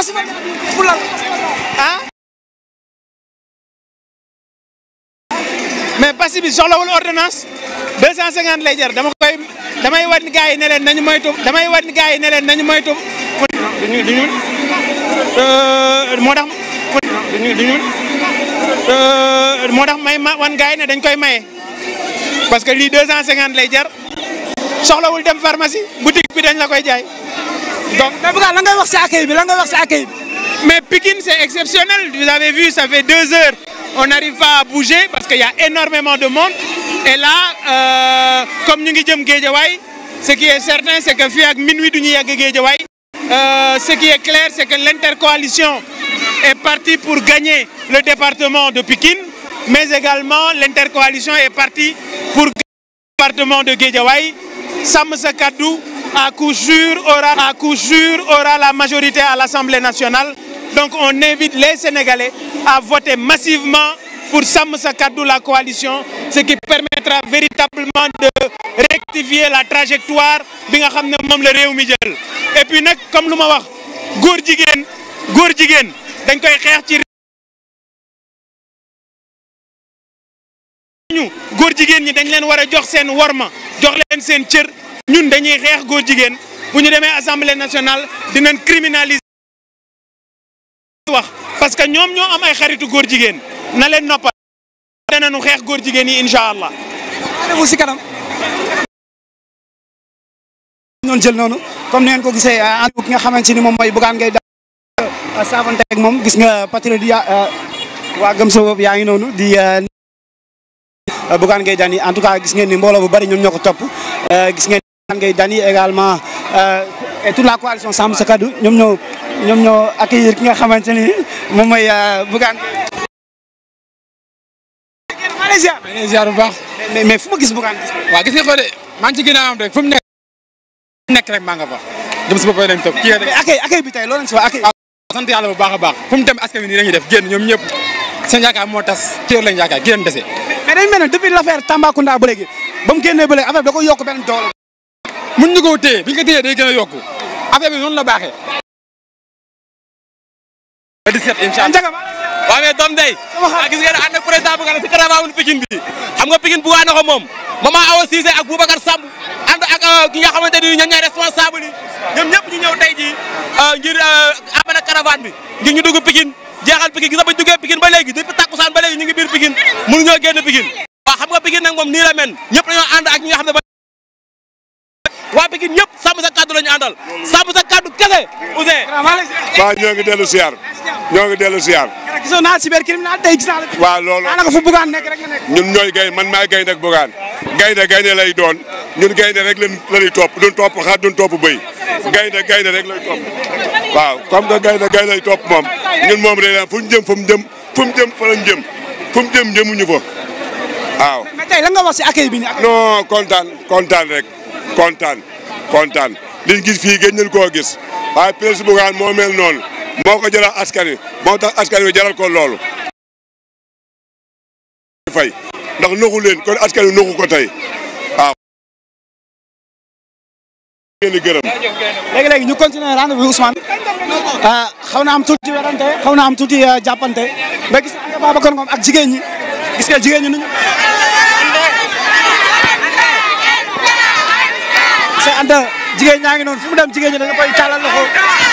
parce que pour lan ah mais Passy bi soxlawul ordonnance 250 lay jar dama koy damay wan gars yi ne leen nañu moytu damay wan gars yi ne leen nañu moytu duñu duñu euh, euh, moo tax may ma wan gars dañ koy maye parce que lii 250 lay jar soxlawul dem pharmacie boutique bi dañ la koy jaay donc mais Bouga lan ngay wax si accueil bi lan ngay wax si accueil bi. mais Pikine c'est exceptionnel vous avez vu ça fait deux heures on n'arrive pas à bouger parce qu'il y a énormément de monde et là euh, comme ñu ngi jëm Guédiawaye ce qui est certain c'est que fii ak minuit du ñu yegg Guédiawaye euh, ce qui est clair c'est que l'intercoalition est parti pour gagner le département de Pikine mais également l'intercoalition est partie pour gagner le département de Guédiawaye Sàmm Sa Kàddu à coup sûr aura, à coup sûr aura la majorité à l'Assemblée nationale. Donc on invite les Sénégalais à voter massivement pour Sàmm Sa Kàddu la coalition, ce qui permettra véritablement de rectifier la trajectoire bi nga xam ne moom la réew mi jël. Et puis nag comme lu ma wax góor jigéen góor jigéen dañ koy xeex ñu góor jigéen ñi dañ leen war a jox seen worma jox leen seen cër ñun dañuy xeex góor jigéen bu ñu demee assemblée nationale dinañ criminaliser wax parce que ñoom ñoo am ay xaritu góor jigéen na leen noppal danañu xeex góor jigéen yi incha allah. si kanam. noonu jël noonu comme ni ngeen ko gisee euh, ànd ki nga xamante ni moom mooy Bougane Gueye Dany euh, saafante ak moom gis nga patriote yi euh, waa gëm sa yaa ngi noonu di. Euh, Bougane Gueye Dany en tout cas gis ngeen ni mbooloo bu bari ñoom ñoo ko topp euh, gis ngeen Bougane Gueye Dany également euh, et toute la coalition Sàmm Sa kadu ñoom ñoo ñoom ñoo accueillir ki nga xamante ni moom mooy Bougane Gueye ziar bu baax mais fu ma gis Bougane waaw gis nga ko de maa ngi ci ginnaawam rek fu mu nekk rek maa nga fa jëm si boppam lañ topp bi tey loolu lañ si wax accueil sant yàlla bu baax a baax fu mu dem askan wi nii def génn ñoom ñëpp seen yaakaar moo tas ci lañ yaakaar gi leen dese mais dañ mel ne depuis l'affaire Tambacounda ba léegi ba mu génnee ba léegi bi da ko yokk benn doole. mun ñu ko téye bi ñu ko téyee day gën yokk affaire bi noonu la baaxee. ba 17 incha allah waaw mais doom day. sama ah, gis ngeen ànd ak président bu nga ne si caravane Pikine bi xam nga Pikine bu waa na ko moom Mama Awa Cissé ak Boubacar Samb ànd euh, ki nga xamante ni ñoom ñooy responsable yi ñoom ñëpp ñu ñëw tey jii euh, ngir euh, amana caravane bi ngir ñu dugg Pikine. jeexal Pikine gis nga bañ duggee Pikine ba léegi depuis takkusaan ba léegi ñu ngi biir Pikine mënuñoo génn Pikine waaw xam nga Pikine nag moom nii la mel ñëpp dañoo ànd ak ñi nga xam ne ba waa sa kàddu la ñu àndal sàmm sa kàddu kese Ouzin waaw ñoo ngi dellu siyaar ñoo ngi dellu siyaar gisoon naa cybercriminalité tey gis naa la. waaw loolu daanaka fu bugaan rek nga nekk. ñun ñooy gay man maay gaynde ak bugaan. gaynde gaynde lay doon ñun gaynde rek lañ lañuy topp duñ topp xar duñ topp bëy gaynde gaynde rek lay topp waaw comme que gaynde gaynde lay topp moom ñun moom day daan fu mu jëm fu jëm fu jëm fa lañ jëm fu mu jëm jëmuñu fa waaw. mais tey lan nga wax bi ñu. non kontaan kontaan rek kontaan kontaan liñ gis fi gën nañ ko gis waaye presse bugaan moo mel noonu. moo ko jëlal askan wi moo tax askan wi jaral ko loolu fay ndax nuxu leen kon askan wi ko tey waaw ngeen di gërëm léegi ñu continuer rendez ah, am tuuti werante xaw na am tuuti euh, jàppante mais Ngom ak jigéen ñi gis nga jigéen ñi nuñu c'est ànd jigéen ñaa ngi noonu fu mu dem jigéen ñi dañu koy caalal loxo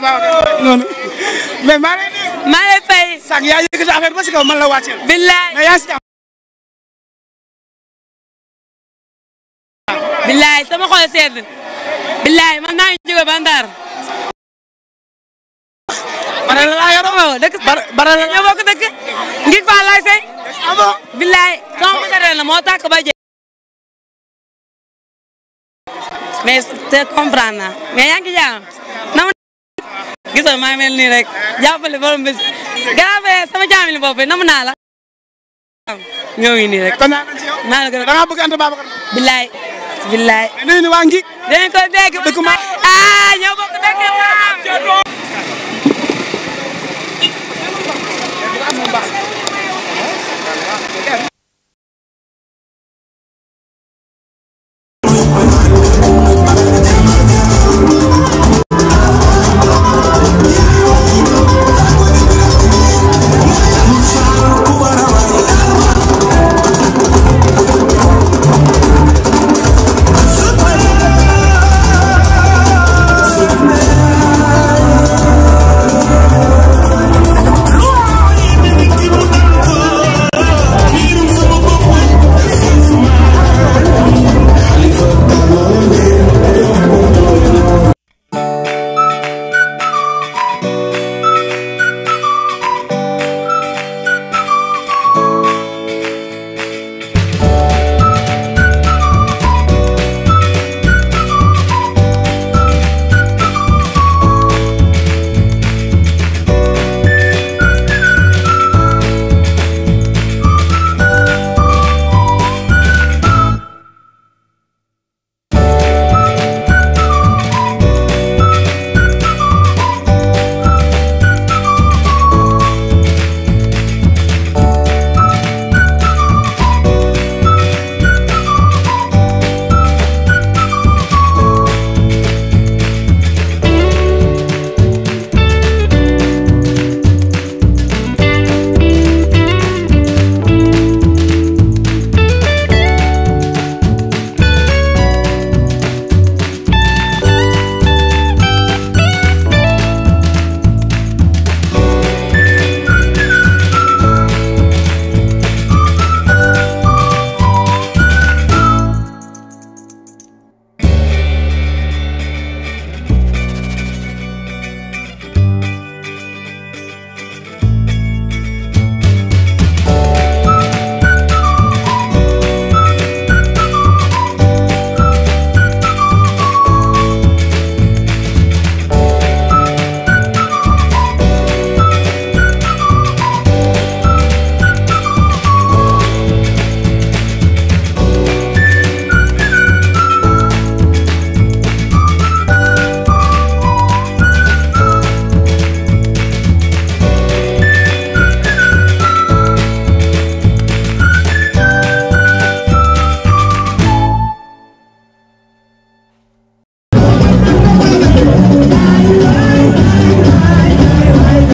noonu mais maa ngi lay nuyu. maa ngi lay fay. sànq yaa yëkkati affaire ba si kaw man la wàcceel. billaay mais yaa si jàmm. billaay sama xol sedd. billaay man maa ngi jóge ba Ndar. bara la laa yoroo oh, dëkk bara la ñoo bokk dëkk. ngir faa laay sey. amoo billaay sama matériel la moo tàkk ba jeex. mais te comprendre naa mais yaa ngi jàmm. gis nga maa mel nii rek jàppale borom bés gaa be sama jaamil bopp bi namu naa la. ñoo ngi nii rek. maa la gën a da ngaa bëgg Anta Babacar. ko dégg. dëkk ma ah ñoo bokk dëkk maam.